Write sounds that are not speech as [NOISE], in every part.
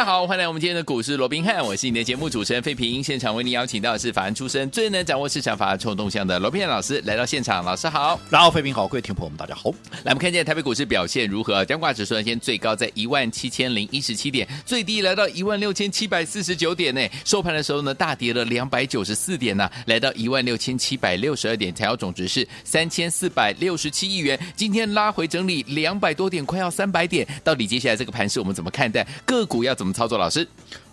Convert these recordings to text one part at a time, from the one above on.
大家好，歡迎來我們今天的股市，羅賓漢，我是你的節目主持人費平。現場為你邀請到的是法人出身，最能掌握市場法人籌碼動向的羅賓漢老師來到現場。老師好，然後費平好，各位聽眾朋友們大家好。來我們看一下台北股市表現如何？加權指數先最高在一萬七千零一十七點，最低來到一萬六千七百四十九點呢。收盤的時候呢，大跌了兩百九十四點呢、啊，來到一萬六千七百六十二點，成交總值是三千四百六十七億元。今天拉回整理兩百多點，快要三百點。到底接下來這個盤勢我們怎麼看待？個股要怎麼？操作，老師。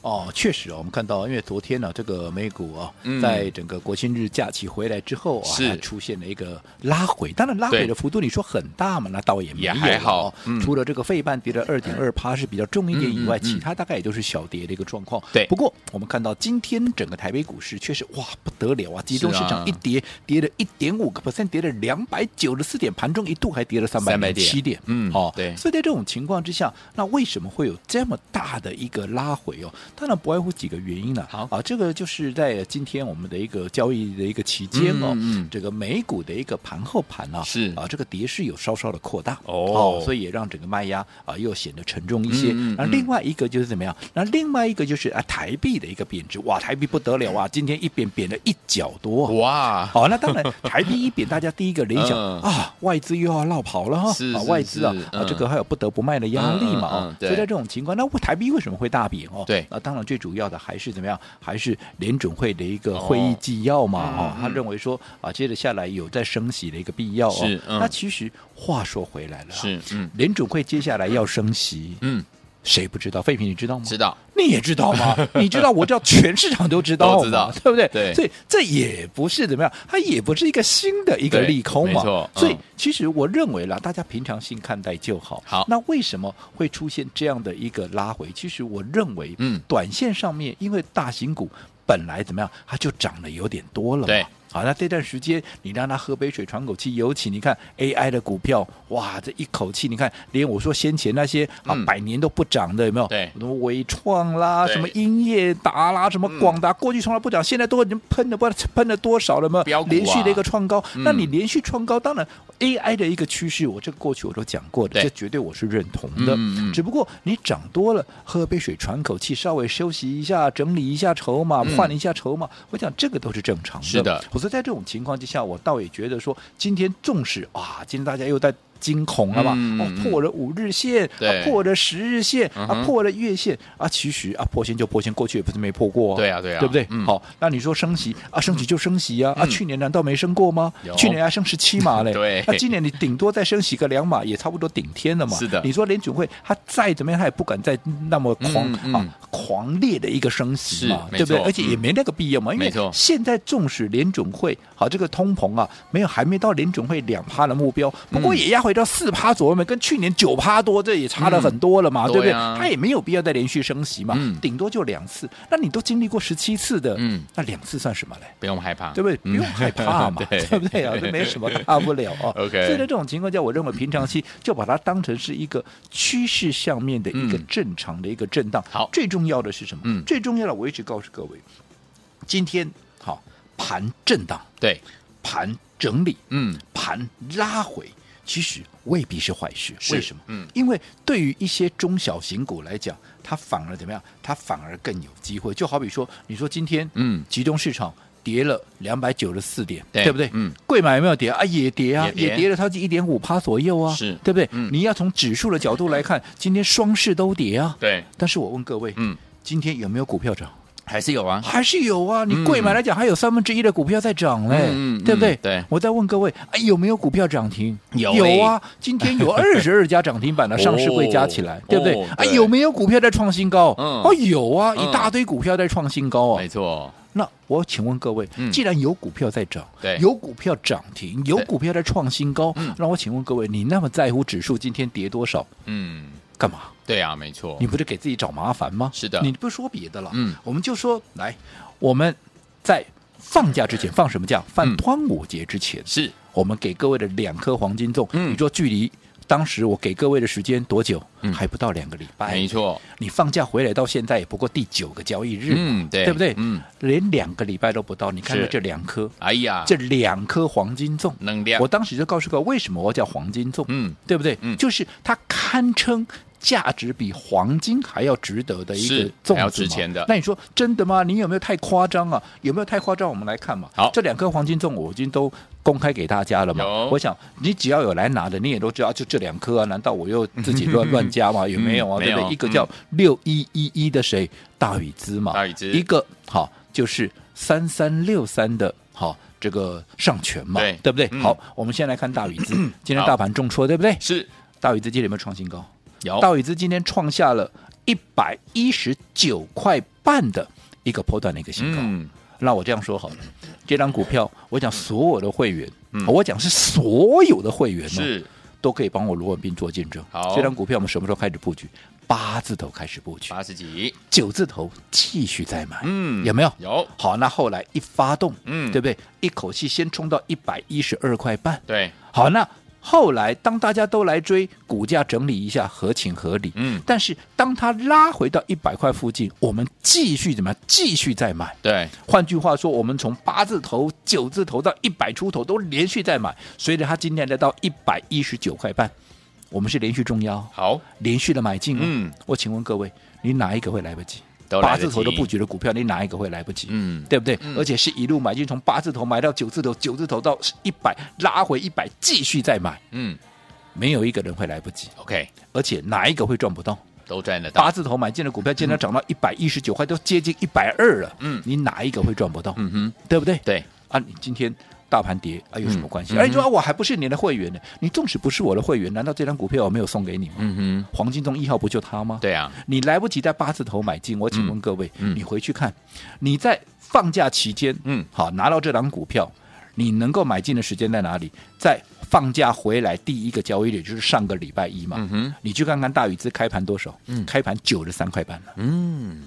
哦，確實哦，我們看到，因為昨天呢、啊，這個美股啊、嗯，在整個國慶日假期回來之後啊，還出現了一個拉回。當然，拉回的幅度你說很大嘛，那倒也沒有也還好、嗯。除了這個費半跌了二點二趴是比較重一點以外，嗯、其他大概也都是小跌的一個狀況。對、嗯嗯嗯。不過我們看到今天整個台北股市確實哇不得了啊，集中市場一跌，啊、跌了一點五個 percent，跌了兩百九十四點，盤中一度還跌了三百七點。300，嗯，哦，對。所以在這種情況之下，那為什麼會有這麼大的一個拉回哦？當然不外乎幾個原因了、啊。好啊，這個就是在今天我們的一個交易的一個期間哦，嗯嗯、這個美股的一個盤後盤啊，是啊，這個跌勢有稍稍的擴大哦，哦，所以也讓整個賣壓啊又顯得沉重一些。那、嗯、另外一個就是怎麼樣？那、嗯嗯、另外一個就是啊，台幣的一個貶值，哇，台幣不得了啊！今天一貶貶了一角多、啊、哇！哦，那當然台幣一貶，大家第一個聯想、嗯、啊，外資又要落跑了哈、啊啊，外資啊、嗯、啊，這個還有不得不賣的壓力嘛啊。嗯嗯嗯嗯，所以在這種情況，那台幣為什麼會大貶？哦，對、啊當然，最主要的還是怎麼樣？還是聯準會的一個會議紀要嘛？啊、哦嗯，他認為說啊，接着下來有再升息的一個必要、哦。是、嗯，那其實話說回來了，是、嗯、聯準會接下來要升息，嗯。誰不知道費平，你知道嗎？知道，你也知道嗎？ [LAUGHS] 你知道，我知道，全市場都知道，知道對不對？對，所以這也不是怎麼樣，它也不是一個新的一個利空嘛，沒錯、嗯。所以其實我認為了，大家平常心看待就好。好，那為什麼會出現這樣的一個拉回？其實我認為，嗯，短線上面因為大型股本來怎麼樣，它就漲得有點多了。對。啊，那這段時間你讓他喝杯水喘口氣，尤其你看 AI 的股票，哇，這一口氣，你看，連我說先前那些、嗯、啊百年都不漲的，有沒有？對，什麼緯創啦，什麼英業達啦，什麼廣達，嗯、過去從來不漲，現在都已經噴了，不知道噴了多少了嘛、啊？連續的一個創高、嗯，那你連續創高，當然 AI 的一個趨勢，我這個過去我都講過的，這絕對我是認同的。嗯、只不過你漲多了，喝杯水喘口氣，稍微休息一下，整理一下籌碼，嗯、換一下籌碼，我想這個都是正常的。是的，在這種情況之下，我倒也覺得說，今天重視啊，今天大家又在。驚恐了吧、嗯？哦，破了五日線，啊、破了十日線、嗯，啊，破了月線，啊，其實啊，破線就破線，過去也不是沒破過、啊，對啊，對啊，對不對？嗯、好，那你說升息啊，升息就升息啊、嗯，啊，去年難道沒升過嗎？去年還升十七碼嘞、對，那今年你頂多再升息個兩碼，也差不多頂天了嘛。是的，你說聯準會他再怎麼樣，他也不敢再那麼狂、嗯嗯、啊，狂烈的一個升息嘛，對不對？而且也沒那個必要嘛，嗯、因為現在縱使聯準會好，這個通膨啊，沒有還沒到聯準會兩趴的目標，不過也要。回到四趴左右嘛，跟去年九趴多，這也差了很多了嘛，嗯、對不對？對、啊？他也沒有必要再連續升息嘛，嗯、頂多就兩次。那你都經歷過十七次的，嗯，那兩次算什麼嘞？不用害怕，對不對？嗯、不用害怕嘛， [LAUGHS] 對不對啊？這沒什麼大不了啊、哦、OK，所以在這種情況下，我認為平常期就把它當成是一個趨勢上面的一個正常的一個震盪。嗯、好，最重要的是什麼、嗯？最重要的我一直告訴各位，今天好盤震盪，對盤整理，嗯，盤拉回。其實未必是壞事是，為什麼？嗯，因為對於一些中小型股來講，它反而怎麼樣？它反而更有機會。就好比說，你說今天，嗯，集中市場跌了兩百九十四點對，對不對？嗯，櫃買有沒有跌啊？也跌啊，也跌,也跌了，它就一點五趴左右啊，是，對不對？嗯，你要從指數的角度來看，嗯，今天雙市都跌啊，對。但是我問各位，嗯，今天有沒有股票漲？還是有啊，還是有啊。你貴買來講，嗯、還有三分之一的股票在漲嘞、嗯，對不對、嗯？對，我再問各位，哎，有沒有股票漲停？有、欸，有啊。今天有二十二家漲停板的上市櫃加起來， [LAUGHS] 哦、對不對、哦、對？哎，有沒有股票在創新高？哦，哦，有啊、嗯，一大堆股票在創新高哦，沒錯。那我請問各位，既然有股票在漲，嗯、對，有股票漲停，有股票在創新高，那、嗯、我請問各位，你那麼在乎指數今天跌多少？嗯。幹嘛？對啊，沒錯，你不是給自己找麻煩嗎？是的，你不說別的了，嗯，我們就說來，我們在放假之前放什麼假？放端午節之前，嗯、是我們給各位的兩顆黃金粽。嗯，你說距離當時我給各位的時間多久、嗯？還不到兩個禮拜，沒錯。你放假回來到現在也不過第九個交易日，嗯，對，對不對？嗯，連兩個禮拜都不到。你看看這兩顆，哎呀，這兩顆黃金粽，能量。我當時就告訴各位，為什麼我叫黃金粽？嗯，對不對？嗯、就是它堪稱。價值比黃金還要值得的一個粽子要值錢的。那你說真的嗎？你有沒有太誇張啊？有沒有太誇張？我們來看嘛。好，這兩顆黃金粽我已經都公開給大家了嘛。我想你只要有來拿的，你也都知道，就這兩顆啊。難道我又自己亂亂加嗎？ [LAUGHS] 有沒有啊？嗯、對不對？一個叫六一一一的誰、嗯？大宇資嘛。大宇資。一個好就是三三六三的好。這個上詮嘛對，對不對、嗯？好，我們先來看大宇資。 [COUGHS] 今天大盤重挫，對不對？是。大宇資今天有沒有創新高？有，大宇資今天創下了一百一十九塊半的一個波段的一個新高。嗯，那我這樣說好了，這張股票我講所有的會員，嗯、我講是所有的會員呢都可以幫我羅文斌做見證。好，這張股票我們什麼時候開始布局？八字頭開始布局，八十幾九字頭繼續再買。嗯，有沒有？有。好，那後來一發動，嗯，對不對？一口氣先衝到一百一十二塊半。對。好，那。後來，當大家都來追，股價整理一下，合情合理。嗯，但是當它拉回到一百塊附近，我們繼續怎麼樣？繼續再買。對，換句話說，我們從八字頭、九字頭到一百出頭都連續再買。隨着它今天來到一百一十九塊半，我們是連續中腰，好，連續的買進。嗯，我請問各位，你哪一個會來不及？八字頭的布局的股票，你哪一個會來不及？嗯，對不對？嗯、而且是一路買進，從八字頭買到九字頭，九字頭到一百，拉回一百，繼續再買。嗯，沒有一個人會來不及。OK，而且哪一個會賺不到？都賺得到。八字頭買進的股票，現、嗯、在漲到一百一十九塊，都接近一百二了。嗯，你哪一個會賺不到？嗯哼，對不對？對啊，你今天。大盤跌啊，有什麼關係？嗯嗯啊、你說、啊、我還不是你的會員呢。你縱使不是我的會員，難道這張股票我沒有送給你嗎？嗯、黃金中一號不就他嗎？對啊。你來不及在八字頭買進，我請問各位、嗯嗯，你回去看，你在放假期間，嗯，好拿到這張股票，你能夠買進的時間在哪裡？在放假回來第一個交易日，就是上個禮拜一嘛。嗯，你去看看大宇資開盤多少？嗯，開盤九十三塊半了。嗯，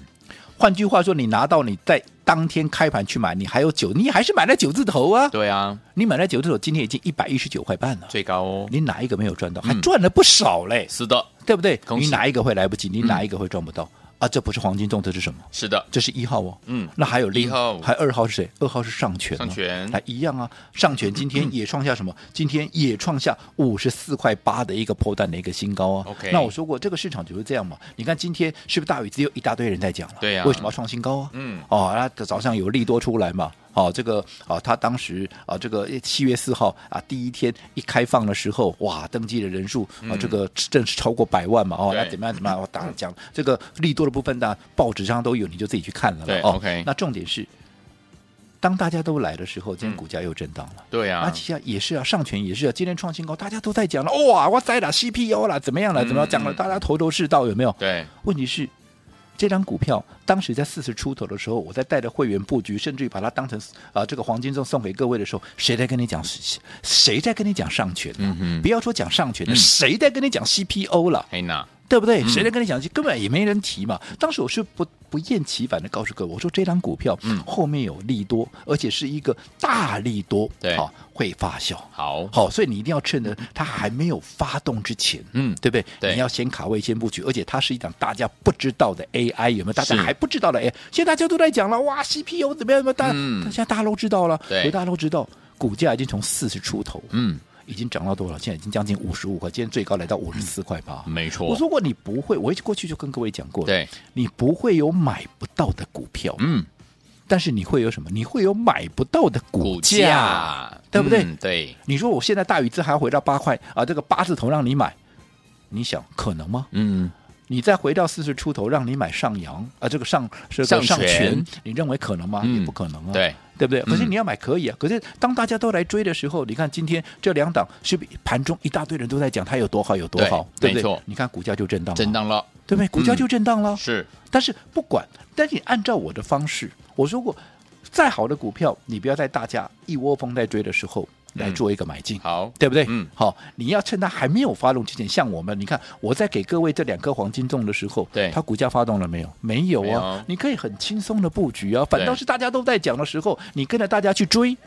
換句話說，你拿到你在。當天開盤去買你，你還有九，你還是買了九字頭啊？對啊，你買了九字頭，今天已經一百一十九塊半了，最高哦。你哪一個沒有賺到？嗯、還賺了不少嘞！是的，對不對？你哪一個會來不及？你哪一個會賺不到？嗯嗯啊，這不是黃金重，這是什麼？是的，這是一號哦。嗯，那還有另一號，還二號是誰？二號是上詮，上詮還一樣啊。上詮今天也創下什麼？嗯嗯、今天也創下五十四塊八的一個破蛋的一個新高啊。Okay. 那我說過，這個市場就是這樣嘛。你看今天是不是大宇？只有一大堆人在講了？對呀、啊，為什麼要創新高啊？嗯，哦，那早上有利多出來嘛。好、哦，這個啊，他、哦、當時啊、哦，這個七月四號啊，第一天一開放的時候，哇，登記的人數、嗯、啊，這個正是超過百萬嘛，哦，那怎麼樣怎麼樣？我、哦、講、嗯、這個利多的部分，呢，報紙上都有，你就自己去看了對、哦、OK。那重點是，當大家都來的時候，今天股價又震盪了。嗯、對呀、啊，那其陽、啊、也是啊，上詮也是啊，今天創新高，大家都在講了，哇、哦，哇塞了，CPU 了，怎麼樣了、嗯嗯，怎麼樣講了，大家頭頭是道，有沒有？對。問題是。這張股票當時在四十出頭的時候，我在帶着會員布局，甚至於把它當成啊、呃、這個黃金證送給各位的時候，誰在跟你講誰在跟你講上詮呢、啊嗯？不要說講上詮了、嗯，誰在跟你講 CPO 了？Hey 對不對？嗯、誰能跟你講？根本也沒人提嘛。當時我是不不厭其煩的告訴各位，我說這檔股票、嗯、後面有利多，而且是一個大利多，對、哦、會發酵。好好、哦，所以你一定要趁着它還沒有發動之前，嗯，對不對？對你要先卡位，先布局。而且它是一檔大家不知道的 AI，有沒有？大家還不知道的 AI，現在大家都在講了，哇，CPU 怎麼樣？有有大，現、嗯、在大家都知道了，所以大家都知道，股價已經從四十出頭，嗯。已經漲到多少錢？現在已經將近五十五塊，今天最高來到五十四塊八、嗯。沒錯。如果你不會，我一過去就跟各位講過，對你不會有買不到的股票，嗯，但是你會有什麼？你會有買不到的股價，股價對不對、嗯？對。你說我現在大宇資還要回到八塊啊？這個八字頭讓你買，你想可能嗎？嗯，嗯。你再回到四十出頭讓你買上詮啊？這個上是、這個、上、上、上詮，你認為可能嗎？嗯、也不可能啊。對。對不對？可是你要買可以啊、嗯。可是當大家都來追的時候，你看今天這兩檔是不是盤中一大堆人都在講它有多好有多好，對，對不對沒錯？你看股價就震盪了，震盪了，對不對？股價就震盪了。是、嗯，但是不管，但你按照我的方式，我說過，再好的股票，你不要在大家一窩蜂在追的時候。來做一個買進，嗯，好，對不對？嗯，好，你要趁它還沒有發動之前，像我們，你看，我在給各位這兩顆黃金種的時候，對，它股價發動了沒有？沒有啊沒有，你可以很輕鬆的布局啊。反倒是大家都在講的時候，你跟着大家去追。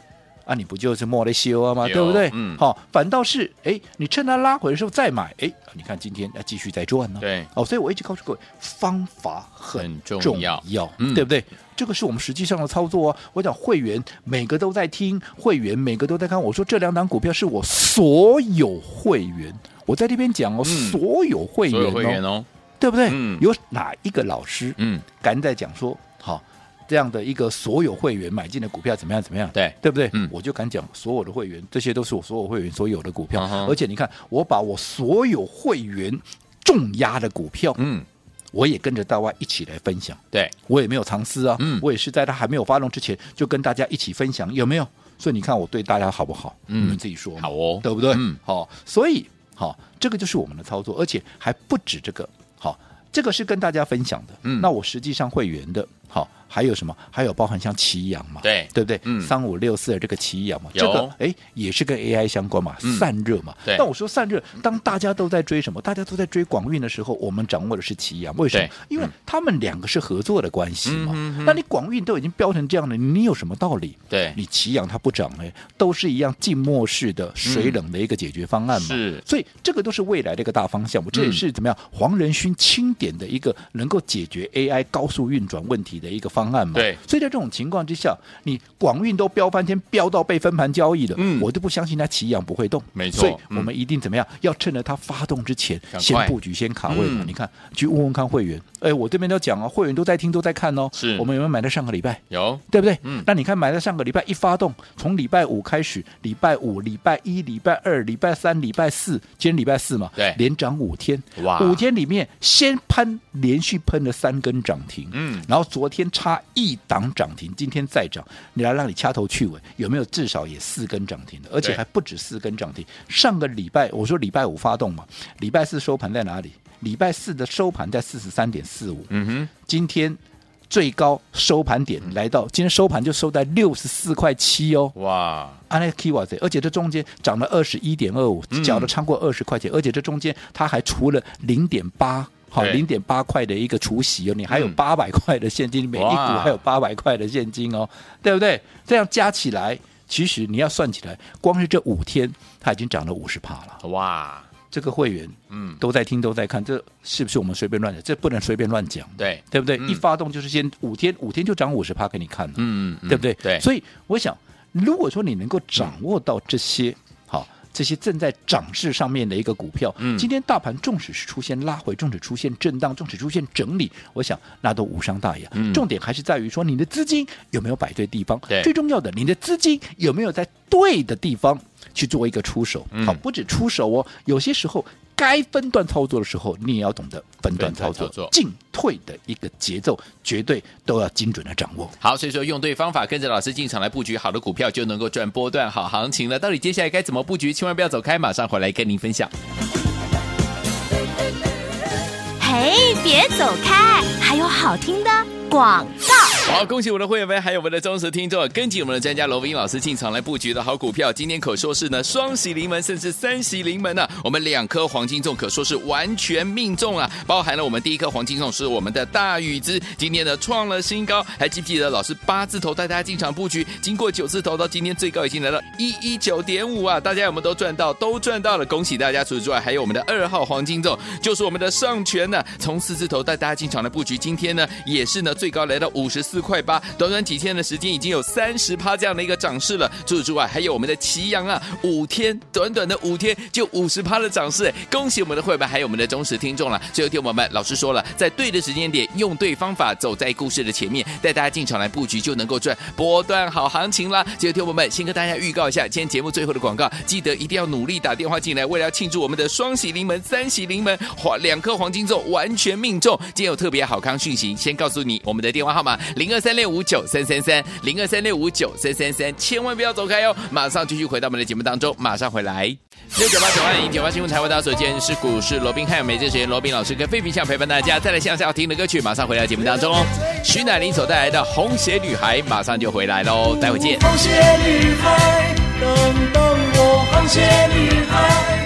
啊，你不就是莫得修啊嗎？對不對？嗯，好、哦，反倒是，哎，你趁它拉回的時候再買，哎，你看今天要繼續在賺呢。對，哦，所以我一直告訴各位，方法很重要，很重要、嗯，對不對？這個是我們實際上的操作哦。我講會員每個都在聽，會員每個都在看。我說這兩檔股票是我所有會員，我在這邊講哦、嗯、哦，所有會員哦、嗯，對不對？嗯，有哪一個老師嗯敢在講說、嗯嗯、好？這樣的一個所有會員買進的股票怎麼樣？怎麼樣？對，對不對？嗯、我就敢講，所有的會員，這些都是我所有會員所有的股票。嗯。而且你看，我把我所有會員重壓的股票，嗯，我也跟着大家一起來分享。對我也沒有藏私啊，嗯，我也是在他還沒有發動之前就跟大家一起分享，有沒有？所以你看我對大家好不好？嗯，你們自己說好哦，對不對？好，嗯哦，所以好，這個就是我們的操作，而且還不止這個。好，這個是跟大家分享的。嗯、那我實際上會員的。好、哦，還有什麼？還有包含像其陽嘛？對，對不對？嗯，三五六四的這個其陽嘛，這個哎也是跟 AI 相關嘛、嗯，散熱嘛。對。但我說散熱，當大家都在追什麼？大家都在追廣運的時候，我們掌握的是其陽，為什麼？因為他們兩個是合作的關係嘛。嗯。那你廣運都已經飆成這樣了，你有什麼道理？對。你其陽它不漲哎、欸，都是一樣浸沒式的水冷的一個解決方案嘛。嗯、是。所以這個都是未來的一個大方向嘛。這也是怎麼樣？黃仁勳欽點的一個能夠解決 AI 高速運轉問題的。的一個方案嘛，所以在這種情況之下，你廣運都飆翻天，飆到被分盤交易了，嗯，我都不相信它其陽不會動，沒錯，所以我們一定怎麼樣，嗯、要趁着它發動之前先布局，先卡位、嗯。你看，去問問看會員，哎，我這邊都講啊，會員都在聽，都在看哦。是我們有沒有買在上個禮拜？有，對不對？嗯。那你看，買在上個禮拜一發動，從禮拜五開始，禮拜五、禮拜一、禮拜二、禮拜三、禮拜四，今天禮拜四嘛，對，連漲五天，哇，五天裡面先噴連續噴了三根漲停，嗯，然後昨。天差一檔漲停，今天再漲，你來讓你掐頭去尾，有沒有至少也四根漲停的？而且還不止四根漲停。上個禮拜我說禮拜五發動嘛，禮拜四收盤在哪裡？禮拜四的收盤在四十三點四五。嗯哼，今天最高收盤點來到，嗯、今天收盤就收在六十四塊七哦。哇！安利 Kiva，而且這中間漲了二十一點二五，腳都超過二十塊錢，而且這中間、嗯、它還除了零點八。好，零點八塊的一個除息哦，你還有八百塊的現金、嗯，每一股還有八百塊的現金哦，對不對？這樣加起來，其實你要算起來，光是這五天，它已經漲了五十趴了。哇，這個會員，嗯，都在聽都在看，這是不是我們隨便亂講？這不能隨便亂講，對對不對，嗯？一發動就是先五天，五天就漲五十趴給你看嗯，嗯，對不對？對，所以我想，如果說你能夠掌握到這些。嗯這些正在漲勢上面的一個股票，嗯、今天大盤縱使是出現拉回，縱使出現震盪，縱使出現整理，我想那都無傷大雅。嗯、重點還是在於說，你的資金有沒有擺對地方對？最重要的，你的資金有沒有在對的地方去做一個出手？嗯、好，不止出手哦，有些時候。該分段操作的時候，你也要懂得分段操作，操作進退的一個節奏絕對都要精準的掌握。好，所以說用對方法，跟着老師進場來布局好的股票，就能夠賺波段好行情了。到底接下來該怎麼布局？千萬不要走開，馬上回來跟您分享。嘿，hey，別走開，還有好聽的廣告。好，恭喜我們的會員們，還有我們的忠實聽眾，跟緊我們的專家羅賓老師進場來布局的好股票，今天可說是呢雙喜臨門，甚至三喜臨門呢。我們兩顆黃金粽可說是完全命中啊，包含了我們第一顆黃金粽是我們的大宇資，今天呢創了新高，還記不記得老師八字頭帶大家進場布局，經過九字頭到今天最高已經來到一一九點五啊，大家有沒有都賺到？都賺到了，恭喜大家！除此之外，還有我們的二號黃金粽，就是我們的上詮呢，從四字頭帶大家進場的布局，今天呢也是呢最高來到五十四，四塊八，短短幾天的時間已經有三十趴這樣的一個漲勢了。除此之外，還有我們的其陽啊，五天短短的五天就五十趴的漲勢，恭喜我們的會員，還有我們的忠實聽眾了。最後聽我們，老師說了，在對的時間點，用對方法，走在故事的前面，帶大家進場來布局，就能夠賺波段好行情啦。最後聽我們，先跟大家預告一下今天節目最後的廣告，記得一定要努力打電話進來。為了要慶祝我們的雙喜臨門、三喜臨門，黃兩顆黃金豆完全命中，今天有特別好康訊息，先告訴你我們的電話號碼。零二三六五九三三三，零二三六五九三三三，千萬不要走開喲、哦！馬上繼續回到我們的節目當中，馬上回來。六九八九歡迎九八新聞財富大家所見是股市羅賓漢，有美資學羅賓老師跟費平相陪伴大家，再來向下要聽的歌曲，馬上回到節目當中、哦。徐乃麟所帶來的《紅鞋女孩》，馬上就回來嘍，待會見。紅鞋女孩，等等我。紅鞋女孩。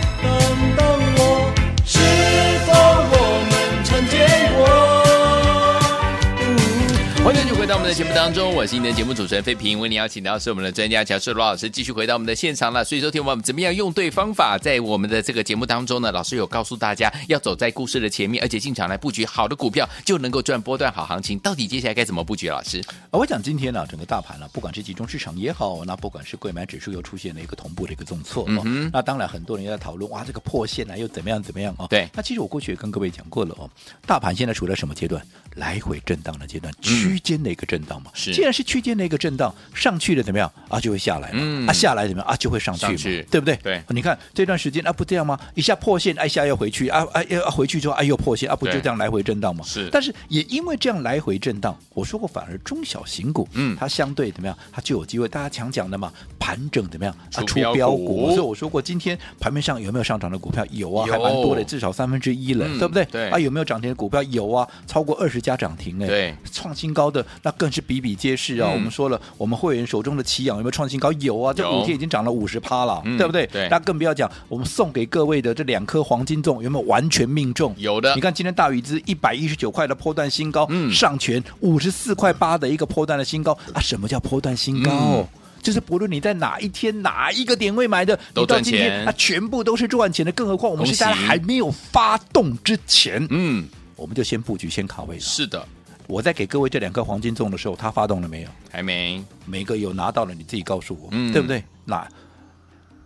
在我們的節目當中，我是你的節目主持人費平，為你邀請到是我們的專家喬氏羅老師繼續回到我們的現場了。所以說，聽我們怎麼樣用對方法，在我們的這個節目當中呢，老師有告訴大家要走在故事的前面，而且進場來佈局好的股票就能夠賺波段好行情。到底接下來該怎麼佈局？老師，啊、我講今天呢、啊，整個大盤呢、啊，不管是集中市場也好，那不管是櫃買指數又出現了一個同步的一個重挫哦、嗯，那當然很多人在討論哇，這個破線呢、啊、又怎麼樣怎麼樣哦，對，那其實我過去也跟各位講過了哦，大盤現在處在什麼階段？來回震盪的階段，嗯、區間內。個震盪嘛，既然是區間的一個震盪，上去了怎麼樣啊，就會下來嘛，嗯、啊下來怎麼樣啊，就會上去嘛上去，對不對？對，你看這段時間啊，不這樣嗎？一下破線，哎、啊，一下又回去，啊哎，又回去之後，哎、啊啊啊啊啊啊、又破線，啊，不就這樣來回震盪嗎？是，但是也因為這樣來回震盪，我說過，反而中小型股，嗯，它相對怎麼樣，它就有機會。大家常講的嘛，盤整怎麼樣？啊出，出飆股。所以我說過，今天盤面上有沒有上漲的股票？有啊，有還蠻多的，至少三分之一了、嗯，對不對？對啊，有沒有漲停的股票？有啊，超過二十家漲停哎、欸，對，創新高的。那更是比比皆是啊、嗯！我們說了，我們會員手中的其陽有沒有創新高？有啊，有這五天已經漲了五十趴了、嗯，對不對？對，那更不要講我們送給各位的這兩顆黃金粽，有沒有完全命中？有的，你看今天大宇資一百一十九塊的波段新高，嗯、上詮五十四塊八的一個波段的新高、嗯、啊！什麼叫波段新高、嗯？就是不論你在哪一天哪一個點位買的，今天都賺錢啊！全部都是賺錢的，更何況我們是在還沒有發動之前，嗯，我們就先布局，先卡位了。是的。我在給各位這兩顆黃金種的時候，它發動了沒有？還沒，每個有拿到了你自己告訴我、嗯，對不對？那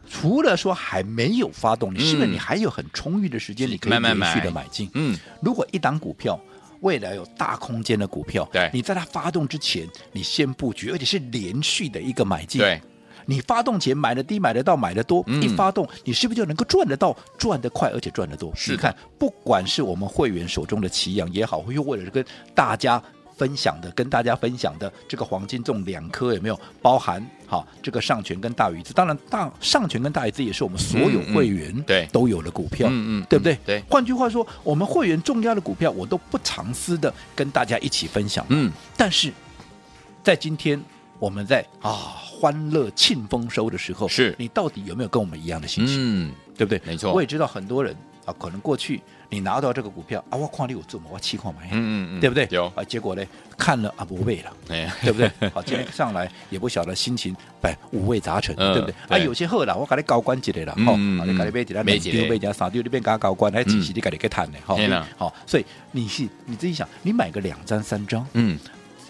除了說還沒有發動，你、嗯、是不是你還有很充裕的時間，你可以連續的買進沒沒沒？嗯，如果一檔股票未來有大空間的股票，對、嗯、你在它發動之前，你先布局，而且是連續的一個買進，你發動前，買的低，買的到買得，買的多，一發動，你是不是就能夠賺得到，賺得快，而且賺得多？你看，不管是我們會員手中的其陽也好，又為了跟大家分享的，跟大家分享的這個黃金重兩顆有沒有包含？好，這個上詮跟大宇資，當然大上詮跟大宇資也是我們所有會員對、嗯嗯、都有了股票，嗯嗯，對不對？嗯嗯、對。換句話說，我們會員重要的股票我都不藏私的跟大家一起分享，嗯，但是在今天我們在啊。哦歡樂慶豐收的時候，是你到底有沒有跟我們一樣的心情？嗯，對不對？沒錯，我也知道很多人啊，可能過去你拿到這個股票啊，我看你有做嘛，我氣礦嘛，嗯，對不對？有啊，結果呢看了啊不會了，對不對？好，今天上來也不曉得心情哎五味雜陳、嗯，對不對,對？啊，有些好了，我給你高官級的了，哈、嗯，哦、給你點別的，別、嗯、的，別、哦、的，別的，別的，搞高官，還你續的跟你去談的，哈，好，所以你是你自己想，你買個兩張三張，嗯。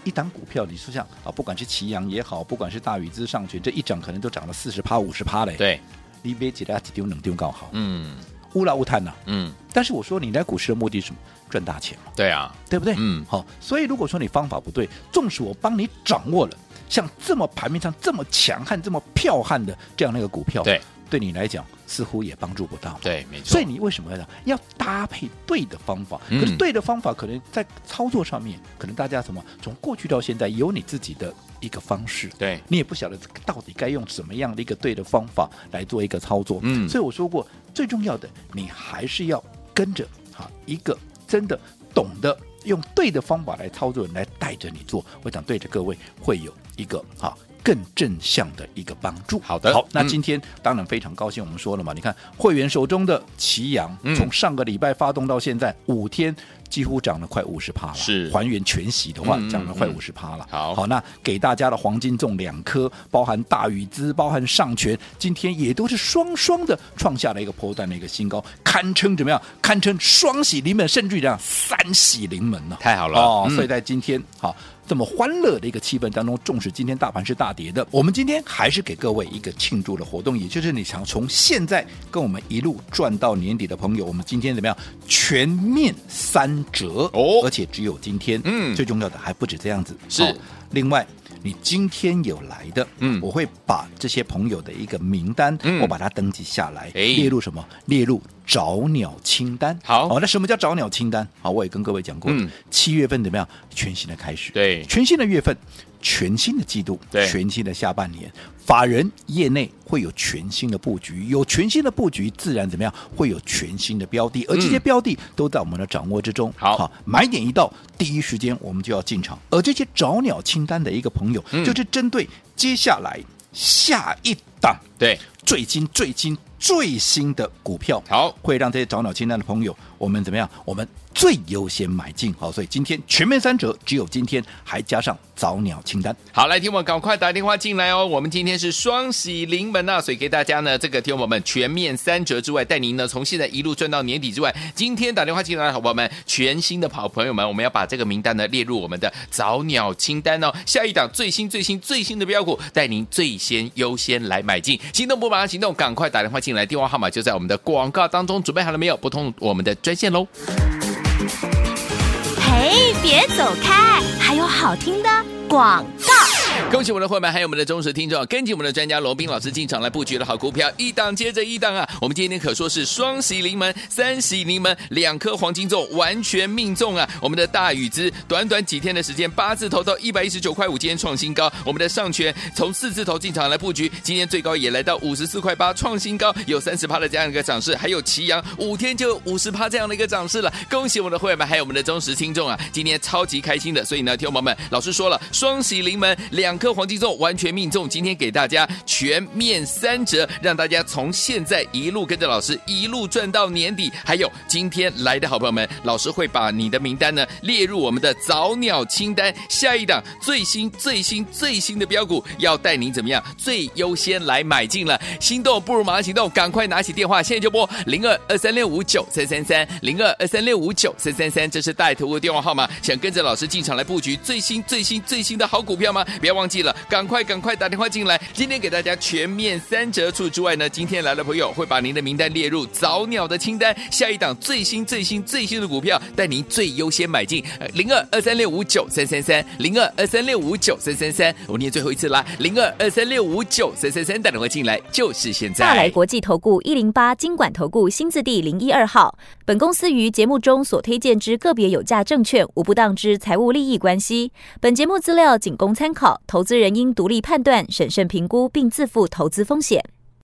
一檔股票，你說像啊、哦，不管是其陽也好，不管是大宇資、上詮，這一漲可能都漲了四十趴、五十趴嘞。對，你別覺得他丟能丟搞好，嗯，烏拉烏炭吶，嗯。但是我說你來股市的目的是什麼？賺大錢嘛。對啊，對不對？嗯。好，所以如果說你方法不對，縱使我幫你掌握了像這麼盤面上這麼強悍、這麼彪悍的這樣那個股票，對，對你來講。似乎也幫助不到，對，沒錯。所以你為什麼要要搭配對的方法？可是對的方法可能在操作上面，嗯、可能大家什麼從過去到現在有你自己的一個方式，對你也不曉得到底該用什麼樣的一個對的方法來做一個操作。嗯，所以我說過，最重要的你還是要跟着哈一個真的懂得用對的方法來操作來帶着你做。我想對着各位會有一個哈。更正向的一個幫助。好的，好，那今天、嗯、當然非常高興，我們說了嘛，你看會員手中的其陽、嗯，從上個禮拜發動到現在五天，幾乎漲了快五十趴了。是還原權息的話，漲、嗯、了快五十趴了、嗯嗯。好，好，那給大家的黃金重兩顆，包含大宇資，包含上詮。今天也都是雙雙的創下了一個波段的一個新高，堪稱怎麼樣？堪稱雙喜臨門，甚至於這樣三喜臨門、啊、太好了哦、嗯，所以在今天好。這麼歡樂的一個氣氛當中，重視今天大盤是大跌的。我們今天還是給各位一個慶祝的活動，也就是你想從現在跟我們一路賺到年底的朋友，我們今天怎麼樣？全面三折哦，而且只有今天。嗯，最重要的還不止這樣子，是、哦、另外你今天有來的，嗯，我會把這些朋友的一個名單，嗯，我把它登記下來，列、哎、入什麼？列入。找鳥清單，好、哦，那什麼叫找鳥清單？好，我也跟各位講過、嗯、七月份怎麼樣？全新的開始，對，全新的月份，全新的季度，對，全新的下半年，法人業內會有全新的佈局，有全新的佈局，自然怎麼樣？會有全新的標的，而這些標的都在我們的掌握之中，嗯、好，買點一到，第一時間我們就要進場，而這些找鳥清單的一個朋友，嗯、就是針對接下來下一。檔對最新最新最新的股票好，會讓這些早鳥清單的朋友，我們怎麼樣？我們最優先買進好，所以今天全面三折，只有今天，還加上早鳥清單。好，來聽我趕快打電話進來哦。我們今天是雙喜臨門吶、啊，所以給大家呢，這個聽我們全面三折之外，帶您呢從現在一路賺到年底之外，今天打電話進來的好朋友們，全新的好朋友們，我們要把這個名單呢列入我們的早鳥清單哦。下一檔最新最新最新的飆股，帶您最先優先來買。改進，心動不馬上行動，趕快打電話進來，電話號碼就在我們的廣告當中。準備好了沒有？撥通我們的專線嘍！嘿，別走開，還有好聽的廣告。恭喜我們的會員們，還有我們的忠實聽眾啊！跟緊我們的專家羅賓老師進場來布局的好股票，一檔接着一檔啊！我們今天可說是雙喜臨門，三喜臨門，兩顆黃金粽完全命中啊！我們的大宇資短短幾天的時間，八字頭到一百一十九塊五，今天創新高。我們的上詮從四字頭進場來布局，今天最高也來到五十四塊八，創新高，有三十趴的這樣一個漲勢。還有其陽五天就五十趴這樣的一個漲勢了。恭喜我們的會員們，還有我們的忠實聽眾啊！今天超級開心的。所以呢，聽眾朋友們，老師說了，雙喜臨門，兩。兩顆黃金鐘完全命中，今天給大家全面三折，讓大家從現在一路跟着老師一路賺到年底。還有今天來的好朋友們，老師會把你的名單呢列入我們的早鳥清單，下一檔最新最新最新的標股要帶您怎麼樣最優先來買進了。心動不如馬上行動，趕快拿起電話現在就撥零二二三六五九三三三零二二三六五九三三三，-3 -3 -3, -3 -3, 這是帶頭的電話號碼。想跟着老師進場來布局最新最新最新的好股票嗎？不要，忘記了，趕快趕快打電話進來！今天給大家全面三折，除此之外呢，今天來的朋友會把您的名單列入早鳥的清單，下一檔最新最新最新的股票帶您最優先買進，零二二三六五九三三三，零二二三六五九三三三，呃、-3 -3 -3, -3 -3, 我念最後一次啦，零二二三六五九三三三，打電話進來就是現在。大來國際投顧一零八金管投顧新字第零一二號。本公司於節目中所推薦之個別有價證券，無不當之財務利益關係。本節目資料僅供參考，投資人應獨立判斷、審慎評估，並自負投資風險。